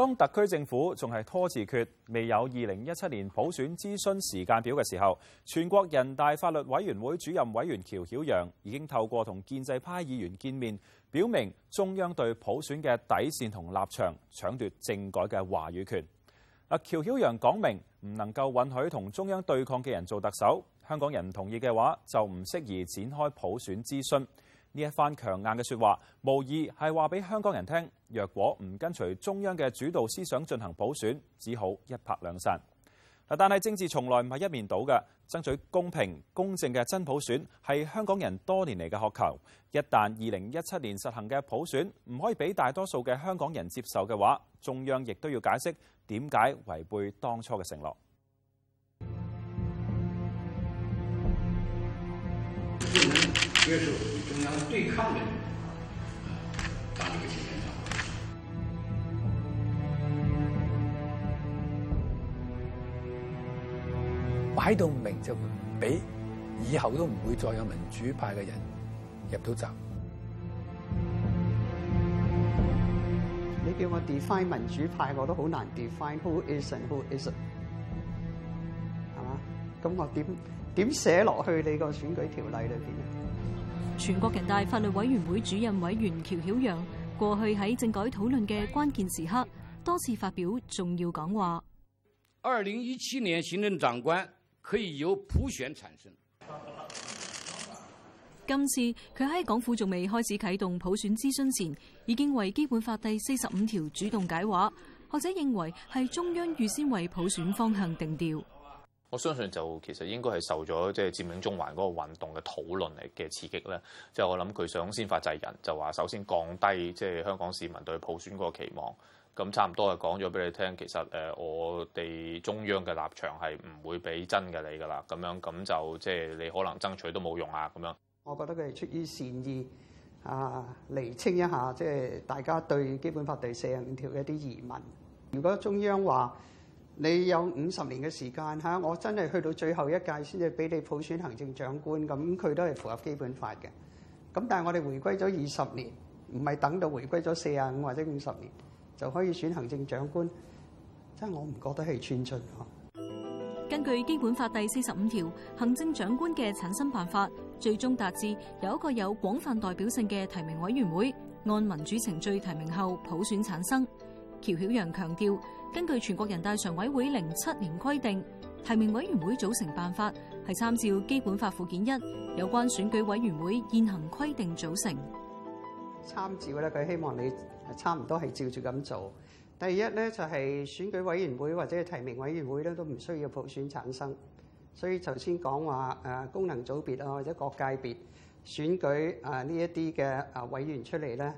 當特區政府仲係拖字訣，未有二零一七年普選諮詢時間表嘅時候，全國人大法律委員會主任委員喬曉陽已經透過同建制派議員見面，表明中央對普選嘅底線同立場，搶奪政改嘅話語權。啊，喬曉陽講明唔能夠允許同中央對抗嘅人做特首，香港人唔同意嘅話就唔適宜展開普選諮詢。呢一番強硬嘅説話，無疑係話俾香港人聽。若果唔跟隨中央嘅主導思想進行普選，只好一拍兩散。嗱，但係政治從來唔係一面倒嘅，爭取公平公正嘅真普選係香港人多年嚟嘅渴求。一旦二零一七年實行嘅普選唔可以俾大多數嘅香港人接受嘅話，中央亦都要解釋點解違背當初嘅承諾。 接受與中央對抗的人，這擺到明就唔俾以後都唔會再有民主派嘅人入到閘。你叫我 define 民主派，我都好難 define。Who is and who isn't，係嘛？咁我點點寫落去你個選舉條例裏邊啊？全國人大法律委員會主任委員喬曉陽過去喺政改討論嘅關鍵時刻多次發表重要講話。二零一七年行政長官可以由普選產生。今次佢喺港府仲未開始啟動普選諮詢前，已經為基本法第四十五條主動解話。學者認為係中央預先為普選方向定調。我相信就其實應該，係受咗即係佔領中環嗰個運動嘅討論嚟嘅刺激咧，即係我諗佢想先發制人，就話首先降低即係香港市民對普選個期望，咁差唔多係講咗俾你聽，其實誒我哋中央嘅立場，係唔會俾真嘅你噶啦，咁樣，咁就即係你可能爭取都冇用啊，咁樣，我覺得佢係出於善意啊，釐清一下即係大家對《基本法》第四十五條嘅一啲疑問，如果中央話。你有五十年嘅時間吓，我真係去到最後一屆先至俾你普選行政長官，咁佢都係符合基本法嘅。咁但係，我哋回歸咗二十年，唔係等到回歸咗四啊五或者五十年就可以選行政長官，即係，我唔覺得係寸進，根據基本法第四十五條行政長官嘅產生辦法，最終達至由一個有廣泛代表性嘅提名委員會按民主程序提名後普選產生。喬曉陽強調，根據全國人大常委會零七年規定，提名委員會組成辦法係參照基本法附件一有關選舉委員會現行規定組成。參照咧，佢希望你差唔多係照住咁做。第一咧就係、是、選舉委員會或者提名委員會咧都唔需要普選產生，所以頭先講話誒功能組別啊或者各界別選舉誒呢一啲嘅誒委員出嚟咧。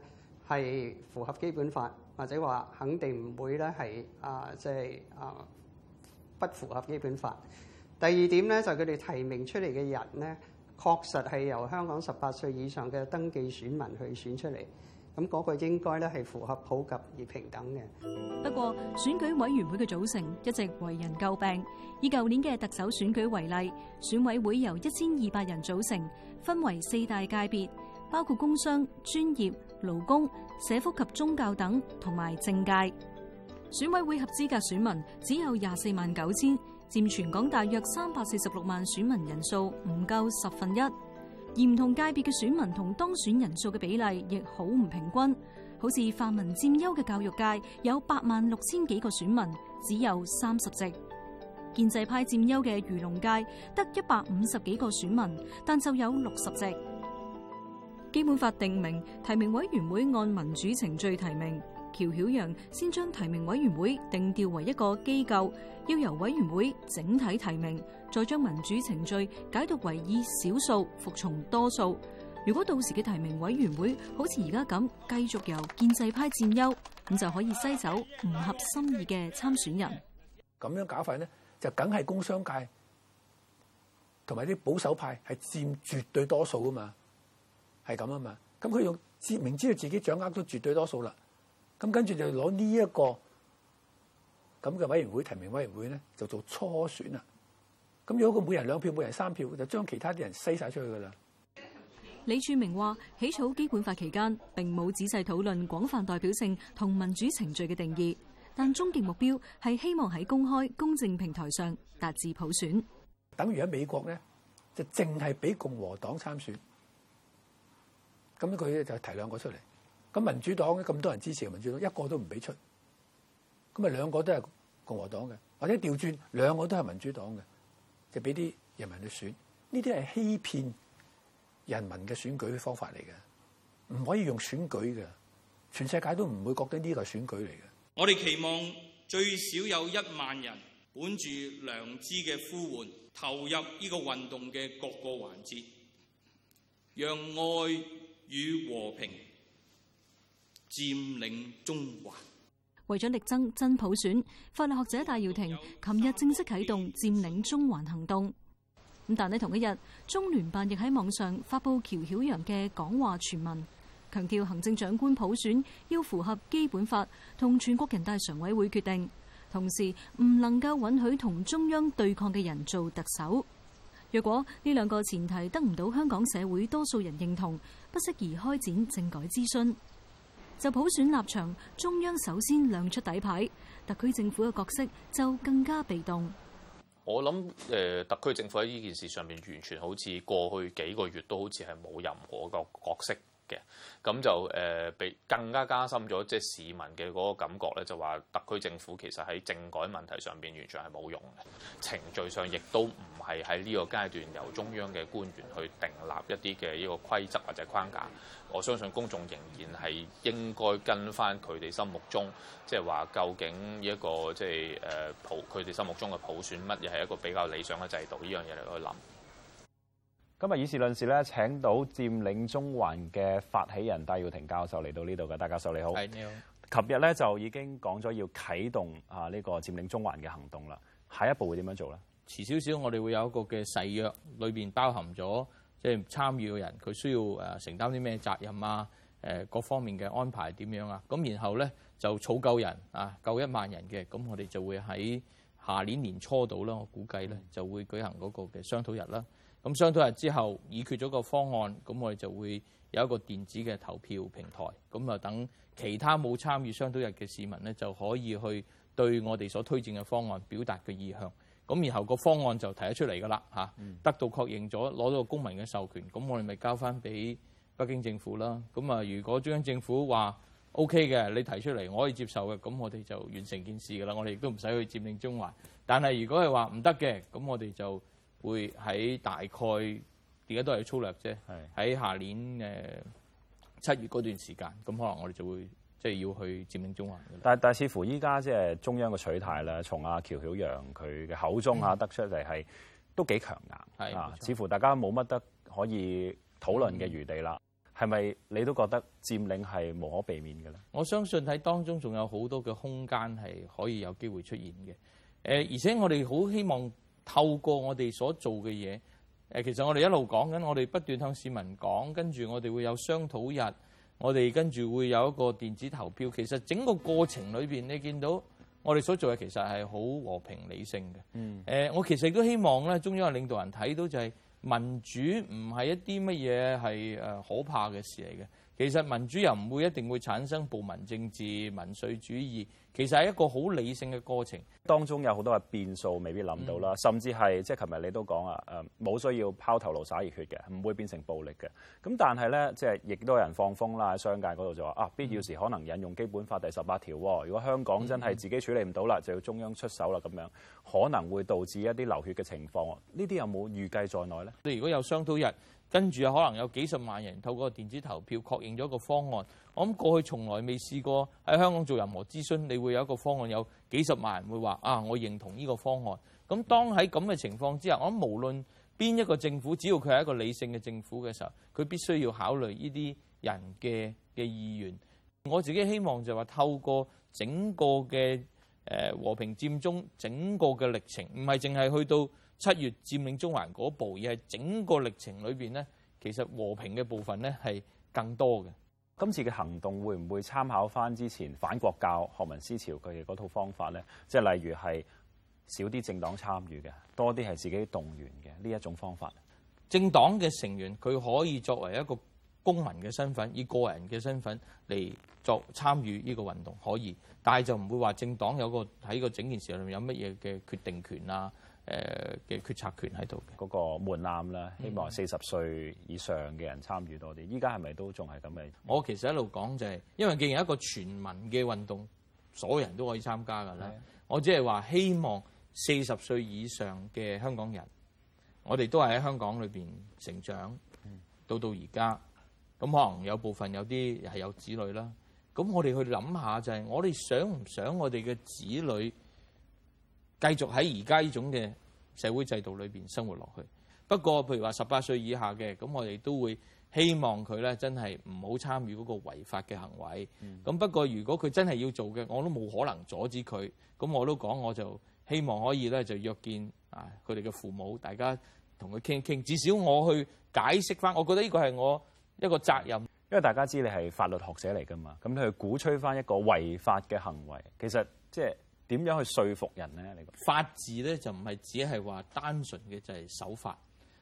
係符合基本法，或者話肯定唔會咧係啊，即係啊，不符合基本法。第二點咧，就佢哋提名出嚟嘅人咧，確實係由香港十八歲以上嘅登記選民去選出嚟。咁嗰個應該咧係符合普及而平等嘅。不過，選舉委員會嘅組成一直為人詬病。以舊年嘅特首選舉為例，選委會由一千二百人組成，分為四大界別，包括工商、專業、勞工、社福及宗教等，同埋政界選委會合資格選民只有廿四萬九千，占全港大約三百四十六萬選民人數，唔夠十分一。而唔同界別嘅選民同當選人數嘅比例亦好唔平均，好似泛民占優嘅教育界有八萬六千幾個選民，只有三十席；建制派占優嘅漁農界得一百五十幾個選民，但就有六十席。基本法定明提名委員會按民主程序提名，喬曉陽先將提名委員會定調為一個機構，要由委員會整體提名，再將民主程序解讀為以少數服從多數。如果到時嘅提名委員會好似而家咁，繼續由建制派佔優，咁就可以篩走唔合心意嘅參選人。咁樣搞法咧，就梗係工商界同埋啲保守派係佔絕對多數啊嘛。係咁啊嘛，咁佢用知明知道自己掌握到絕對多數啦，咁跟住就攞呢一個咁嘅委員會提名委員會咧，就做初選啊，咁如果佢每人兩票、每人三票，就將其他啲人篩晒出去噶啦。李柱銘話：起草基本法期間並冇仔細討論廣泛代表性同民主程序嘅定義，但終極目標係希望喺公開公正平台上達至普選。等於喺美國咧，就淨係俾共和黨參選。咁佢就提兩個出嚟，咁民主黨咁多人支持嘅民主黨一個都唔俾出，咁咪兩個都係共和黨嘅，或者調轉兩個都係民主黨嘅，就俾啲人民去選，呢啲係欺騙人民嘅選舉方法嚟嘅，唔可以用選舉嘅，全世界都唔會覺得呢個係選舉嚟嘅。我哋期望最少有一萬人，本住良知嘅呼喚，投入呢個運動嘅各個環節，讓愛。與和平佔領中環，為咗力爭真普選，法律學者戴耀廷琴日正式啟動佔領中環行動。咁但係同一日，中聯辦亦喺網上發布喬曉陽嘅講話全文，強調行政長官普選要符合基本法同全國人大常委會決定，同時唔能夠允許同中央對抗嘅人做特首。若果呢兩個前提得唔到香港社會多數人認同，不適宜開展政改諮詢，就普選立場，中央首先亮出底牌，特區政府嘅角色就更加被動。我諗誒、呃，特區政府喺呢件事上面完全好似過去幾個月都好似係冇任何個角色。咁就誒，比、呃、更加加深咗，即係市民嘅嗰個感覺咧，就話特區政府其實喺政改問題上邊完全係冇用嘅，程序上亦都唔係喺呢個階段由中央嘅官員去訂立一啲嘅呢個規則或者框架。我相信公眾仍然係應該跟翻佢哋心目中就是說，即係話究竟呢一個即係誒普，佢、呃、哋心目中嘅普選乜嘢係一個比較理想嘅制度，呢樣嘢嚟去諗。今日以事論事咧，請到佔領中環嘅發起人戴耀廷教授嚟到呢度嘅，戴教授你好。係你好。琴日咧就已經講咗要啟動啊呢個佔領中環嘅行動啦，下一步會點樣做咧？遲少少，我哋會有一個嘅誓約，裏邊包含咗即係參與嘅人，佢需要誒、呃、承擔啲咩責任啊？誒、呃、各方面嘅安排點樣啊？咁然後咧就儲夠人啊，夠一萬人嘅，咁我哋就會喺。下年年初到啦，我估計咧就會舉行嗰個嘅商討日啦。咁商討日之後，已決咗個方案，咁我哋就會有一個電子嘅投票平台，咁啊等其他冇參與商討日嘅市民咧，就可以去對我哋所推薦嘅方案表達嘅意向。咁然後嗰個方案就提得出嚟㗎啦，吓、嗯、得到確認咗，攞到公民嘅授權，咁我哋咪交翻俾北京政府啦。咁啊，如果中央政府話，OK 嘅，你提出嚟我可以接受嘅，咁我哋就完成件事噶啦。我哋亦都唔使去佔領中環。但係如果係話唔得嘅，咁我哋就會喺大概而家都係粗略啫。喺下年誒七月嗰段時間，咁可能我哋就會即係要去佔領中環。但但似乎依家即係中央嘅取態咧，從阿、啊、喬曉陽佢嘅口中啊、嗯、得出嚟係都幾強硬啊！似乎大家冇乜得可以討論嘅餘地啦。嗯係咪你都覺得佔領係無可避免嘅咧？我相信喺當中仲有好多嘅空間係可以有機會出現嘅。誒，而且我哋好希望透過我哋所做嘅嘢。誒，其實我哋一路講緊，我哋不斷向市民講，跟住我哋會有商討日，我哋跟住會有一個電子投票。其實整個過程裏面，你見到我哋所做嘅其實係好和平理性嘅。嗯。誒，我其實亦都希望咧，中央嘅領導人睇到就係、是。民主唔係一啲乜嘢，係誒可怕嘅事嚟嘅。其實民主又唔會一定會產生暴民政治、民粹主義，其實係一個好理性嘅過程。當中有好多嘅變數，未必諗到啦、嗯。甚至係即係琴日你都講啊，誒、嗯、冇需要拋頭顱灑熱血嘅，唔會變成暴力嘅。咁但係呢，即係亦都有人放風啦，商界嗰度就話啊，必要時可能引用基本法第十八條喎。如果香港真係自己處理唔到啦，就要中央出手啦咁樣，可能會導致一啲流血嘅情況。呢啲有冇預計在內呢？如果有商討日？跟住可能有幾十萬人透過電子投票確認咗個方案，我諗過去從來未試過喺香港做任何諮詢，你會有一個方案有幾十萬人會話啊，我認同呢個方案。咁當喺咁嘅情況之下，我諗無論邊一個政府，只要佢係一個理性嘅政府嘅時候，佢必須要考慮呢啲人嘅嘅意願，我自己希望就話透過整個嘅誒和平佔中整個嘅歷程，唔係淨係去到。七月佔領中環嗰步，而係整個歷程裏邊咧，其實和平嘅部分咧係更多嘅。今次嘅行動會唔會參考翻之前反國教學民思潮佢嘅嗰套方法咧？即係例如係少啲政黨參與嘅，多啲係自己動員嘅呢一種方法。政黨嘅成員佢可以作為一個公民嘅身份，以個人嘅身份嚟作參與呢個運動可以，但係就唔會話政黨有個喺個整件事裏面有乜嘢嘅決定權啊。誒、呃、嘅決策權喺度，嗰個門檻啦，希望四十歲以上嘅人參與多啲。依家係咪都仲係咁嘅？我其實一路講就係、是，因為既然一個全民嘅運動，所有人都可以參加㗎啦。是的，我只係話希望四十歲以上嘅香港人，我哋都係喺香港裏邊成長，到到而家，咁可能有部分有啲係有子女啦。咁我哋去諗下就係，我哋想唔想我哋嘅子女？繼續喺而家呢種嘅社會制度裏邊生活落去。不過，譬如話十八歲以下嘅，咁我哋都會希望佢咧真係唔好參與嗰個違法嘅行為。咁不過，如果佢真係要做嘅，我都冇可能阻止佢。咁我都講，我就希望可以咧就約見啊佢哋嘅父母，大家同佢傾一傾。至少我去解釋翻，我覺得呢個係我一個責任，因為大家知你係法律學者嚟㗎嘛。咁你去鼓吹翻一個違法嘅行為，其實即係。點樣去說服人呢？法治咧就唔係只係話單純嘅就係守法，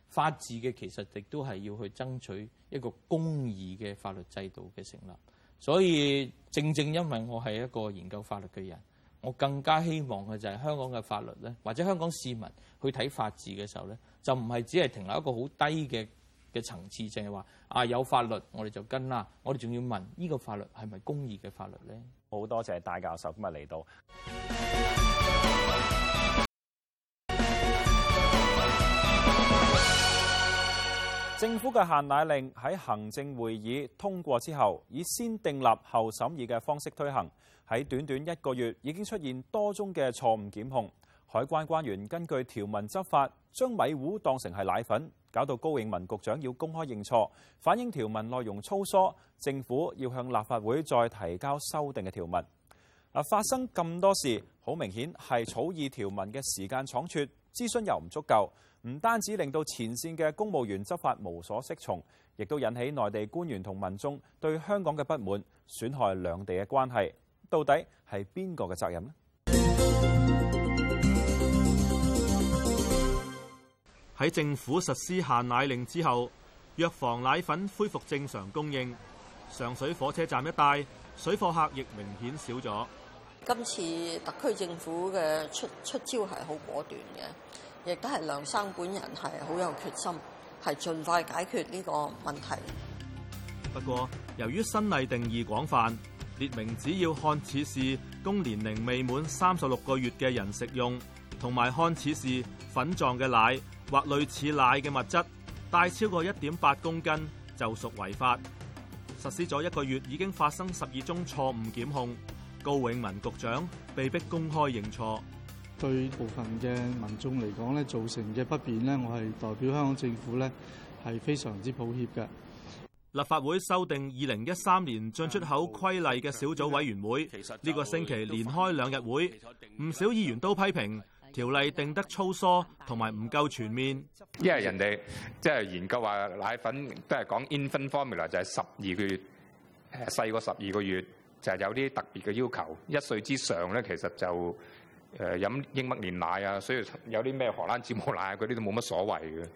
法治嘅其實亦都係要去爭取一個公義嘅法律制度嘅成立。所以正正因為我係一個研究法律嘅人，我更加希望嘅就係香港嘅法律咧，或者香港市民去睇法治嘅時候咧，就唔係只係停留一個好低嘅嘅層次，淨係話啊有法律我哋就跟啦，我哋仲要問呢個法律係咪公義嘅法律咧？好多謝戴教授今日嚟到。政府嘅限奶令喺行政會議通過之後，以先訂立後審議嘅方式推行，喺短短一個月已經出現多宗嘅錯誤檢控。海關關員根據條文執法，將米糊當成係奶粉，搞到高永文局長要公開認錯，反映條文內容粗疏。政府要向立法會再提交修訂嘅條文。嗱，發生咁多事，好明顯係草擬條文嘅時間倉促，諮詢又唔足夠。唔單止令到前線嘅公務員執法無所適從，亦都引起內地官員同民眾對香港嘅不滿，損害兩地嘅關係。到底係邊個嘅責任呢？喺政府實施限奶令之後，藥房奶粉恢復正常供應，上水火車站一帶水貨客亦明顯少咗。今次特區政府嘅出出招係好果斷嘅。亦都係梁生本人係好有決心，係盡快解決呢個問題。不過，由於新例定義廣泛，列明只要看似是供年齡未滿三十六個月嘅人食用，同埋看似是粉狀嘅奶或類似奶嘅物質，帶超過一點八公斤就屬違法。實施咗一個月，已經發生十二宗錯誤檢控，高永文局長被迫公開認錯。對部分嘅民眾嚟講咧，造成嘅不便咧，我係代表香港政府咧，係非常之抱歉嘅。立法會修訂二零一三年進出口規例嘅小組委員會，呢個星期連開兩日會，唔少議員都批評條例定得粗疏同埋唔夠全面。因為人哋即係研究話奶粉都係講 infant formula 就係十二個月，誒細過十二個月就係有啲特別嘅要求，一歲之上咧其實就。誒、呃、飲英麥煉奶啊，所以有啲咩荷蘭至尊奶啊，嗰啲都冇乜所謂嘅。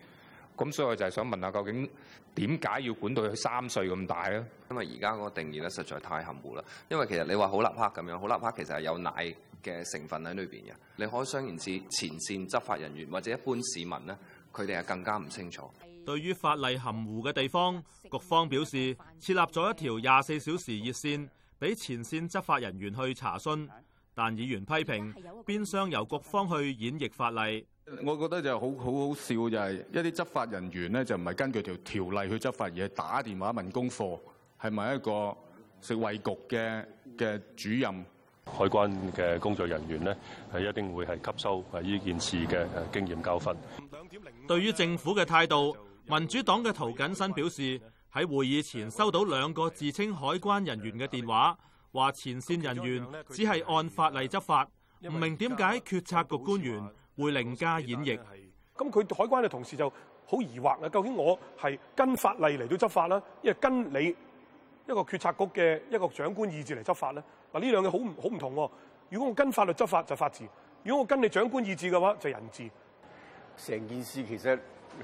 咁所以我就係想問下，究竟點解要管到佢三歲咁大咧、啊？因為而家嗰個定義咧實在太含糊啦。因為其實你話好立克咁樣，好立克其實係有奶嘅成分喺裏邊嘅。你可想而知前線執法人員或者一般市民咧，佢哋係更加唔清楚。對於法例含糊嘅地方，局方表示設立咗一條廿四小時熱線，俾前線執法人員去查詢。但議員批評邊商由局方去演繹法例。我覺得就好好好笑，就係一啲執法人員呢，就唔係根據條條例去執法，而係打電話問功課。係咪一個食衞局嘅嘅主任？海關嘅工作人員呢？係一定會係吸收呢件事嘅經驗教訓。對於政府嘅態度，民主黨嘅涂謹申表示喺會議前收到兩個自稱海關人員嘅電話。話前線人員只係按法例執法，唔明點解決策局官員會另加演繹。咁佢海關嘅同事就好疑惑啦。究竟我係跟法例嚟到執法啦，因為跟你一個決策局嘅一個長官意志嚟執法咧。嗱，呢兩個好唔好唔同喎？如果我跟法律執法就法治，如果我跟你長官意志嘅話就人治。成件事其實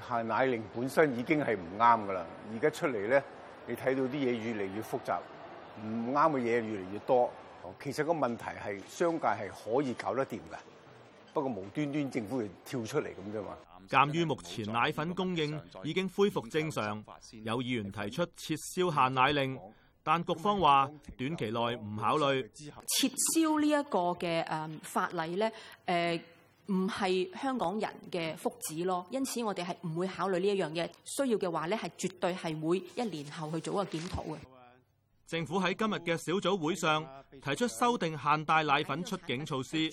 限奶令本身已經係唔啱噶啦，而家出嚟咧，你睇到啲嘢越嚟越複雜。唔啱嘅嘢越嚟越多，其實個問題係商界係可以搞得掂嘅，不過無端端政府嚟跳出嚟咁啫嘛。鑒於目前奶粉供應已經恢復正常，有議員提出撤銷限奶令，但局方話短期內唔考慮撤銷呢一個嘅、誒法例咧，誒唔係香港人嘅福祉咯，因此我哋係唔會考慮呢一樣嘢，需要嘅話咧係絕對係會一年後去做一個檢討嘅。政府喺今日嘅小組會上提出修訂限帶奶粉出境措施，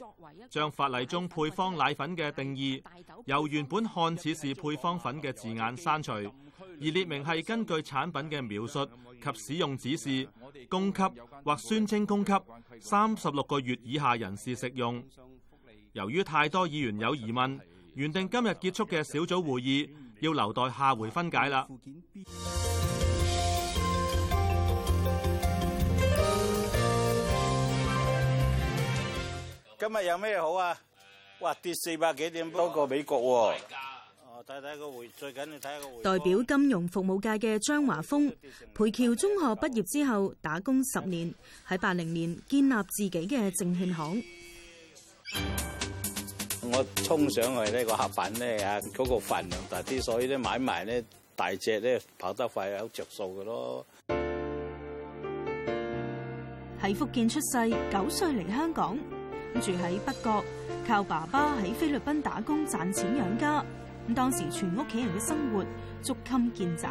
將法例中配方奶粉嘅定義由原本看似是配方粉嘅字眼刪除，而列明係根據產品嘅描述及使用指示供給或宣稱供給三十六個月以下人士食用。由於太多議員有疑問，原定今日結束嘅小組會議要留待下回分解啦。今日有咩好啊？哇，跌四百幾點多過美國喎！哦，睇睇個回，最緊要睇個回。代表金融服務界嘅張華峰，培僑中學畢業之後打工十年，喺八零年建立自己嘅證券行。我衝上去呢、嗰個客品呢，啊，嗰個份量大啲，所以咧買埋呢大隻咧跑得快，有着數嘅咯。喺福建出世，九歲嚟香港。住喺北角，靠爸爸喺菲律賓打工賺錢養家。咁當時全屋企人嘅生活捉襟見肘。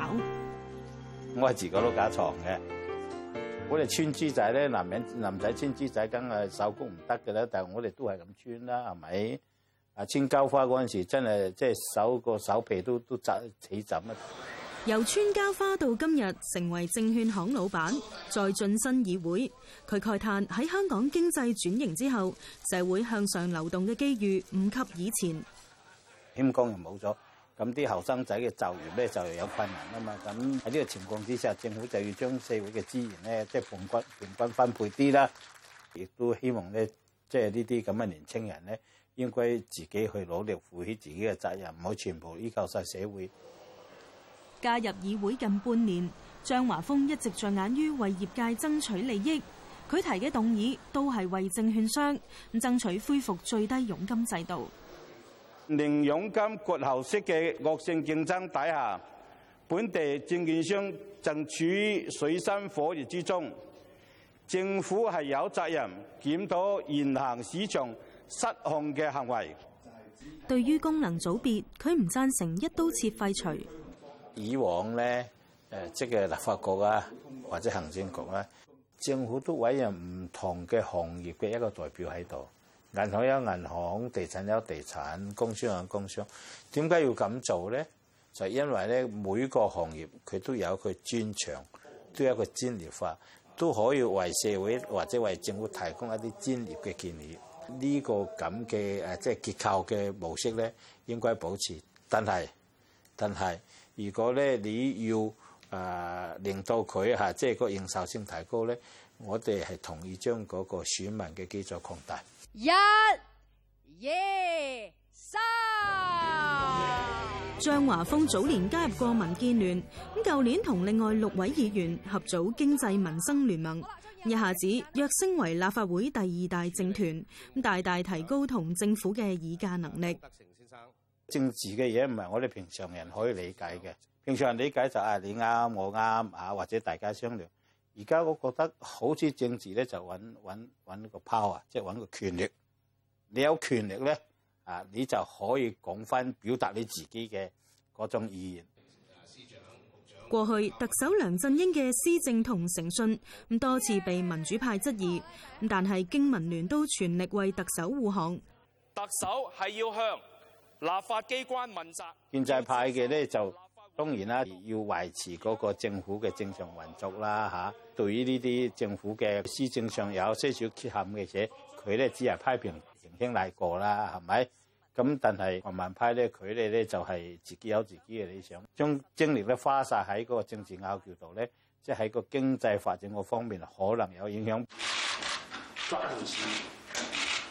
我係自己碌架床嘅。我哋穿珠仔咧，男人男仔穿珠仔梗係，手工唔得嘅啦。但係我哋都係咁穿啦，係咪？啊，穿膠花嗰陣時真係即係手個手皮都都扎起枕啊！.由穿膠花到今日成為證券行老闆，再晉身議會，佢慨嘆喺香港經濟轉型之後，社會向上流動嘅機遇唔及以前。謙工又冇咗，咁啲後生仔嘅就業咧就有困難啊嘛。咁喺呢個情況之下，政府就要將社會嘅資源咧，即係平均平均分配啲啦。亦都希望咧，即係呢啲咁嘅年青人咧，應該自己去努力，負起自己嘅責任，唔好全部依靠晒社會。加入議會近半年，張華峰一直着眼於為業界爭取利益。佢提嘅動議都係為證券商爭取恢復最低佣金制度。零佣金割喉式嘅惡性競爭底下，本地證券商正處於水深火熱之中。政府係有責任檢討現行市場失控嘅行為。對於功能組別，佢唔贊成一刀切廢除。以往咧，誒即係立法局啊，或者行政局咧，政府都委任唔同嘅行業嘅一個代表喺度。銀行有銀行，地產有地產，工商有工商。點解要咁做咧？就因為咧，每個行業佢都有佢專長，都有一個專業化，都可以為社會或者為政府提供一啲專業嘅建議。呢個咁嘅誒即係結構嘅模式咧，應該保持。但係。但係。如果咧你要誒令到佢吓，即係個認受性提高咧，我哋係同意將嗰個選民嘅基礎擴大。一、二、三。張華峰早年加入過民建聯，咁舊年，同另外六位議員合組經濟民生聯盟，一下子躍升為立法會第二大政團，咁大大提高同政府嘅議價能力。政治嘅嘢唔係我哋平常人可以理解嘅。平常人理解就啊、是，你啱我啱啊，或者大家商量。而家我覺得好似政治咧，就揾揾揾個 power 啊，即係揾個權力。你有權力咧啊，你就可以講翻表達你自己嘅嗰種意願。過去特首梁振英嘅施政同誠信咁多次被民主派質疑咁，但係經民聯都全力為特首護航。特首係要向立法機關，問責建制派嘅咧就當然啦，要維持嗰個政府嘅正常運作啦嚇。對於呢啲政府嘅施政上有些少缺陷嘅嘢，佢咧只係批評、澄清、賴過啦，係咪？咁但係泛民派咧，佢哋咧就係、是、自己有自己嘅理想，將精力咧花晒喺嗰個政治拗撬度咧，即係喺個經濟發展個方面可能有影響。抓住機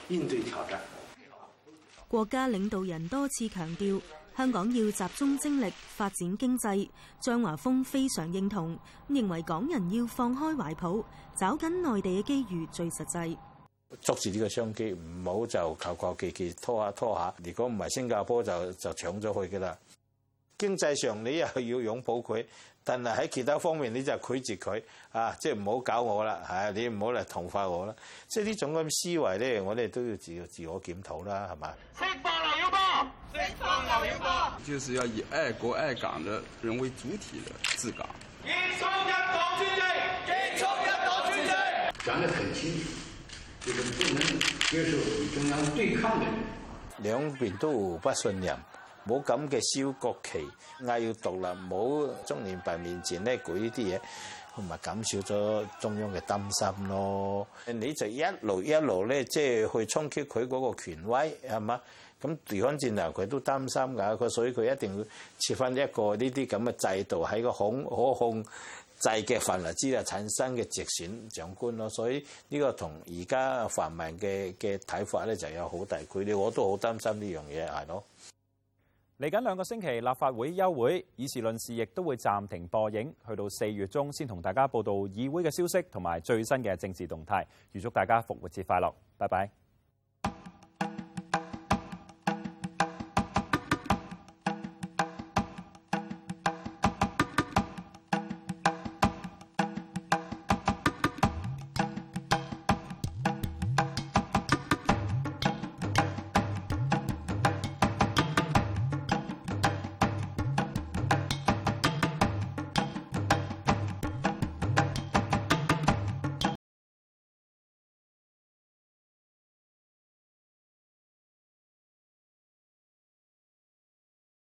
遇，應對挑戰。國家領導人多次強調，香港要集中精力發展經濟。張華峰非常認同，認為港人要放開懷抱，找緊內地嘅機遇最實際。捉住呢個商機，唔好就求求其其拖下拖下。如果唔係新加坡就就搶咗去㗎喇。經濟上你又要擁抱佢。但係喺其他方面，你就拒絕佢啊！即係唔好搞我啦，係你唔好嚟同化我啦。即係呢種咁思維咧，我哋都要自自我檢討啦，係咪？就是要以愛國愛港的人為主體的治港。講得很清楚，這個、就是不能接受與中央對抗的人。兩邊都不信任。冇咁嘅燒國旗，嗌要獨立，冇中年白面前咧舉呢啲嘢，同埋減少咗中央嘅擔心咯。你就一路一路咧，即係去衝擊佢嗰個權威，係嘛？咁地方戰略，佢都擔心㗎，佢所以佢一定要設翻一個呢啲咁嘅制度喺個控可控制嘅範圍之下產生嘅直選長官咯。所以呢個同而家泛民嘅嘅睇法咧就有好大距離，我都好擔心呢樣嘢係咯。嚟緊兩個星期，立法會休會，議事論事亦都會暫停播映，去到四月中先同大家報道議會嘅消息同埋最新嘅政治動態。預祝大家復活節快樂，拜拜。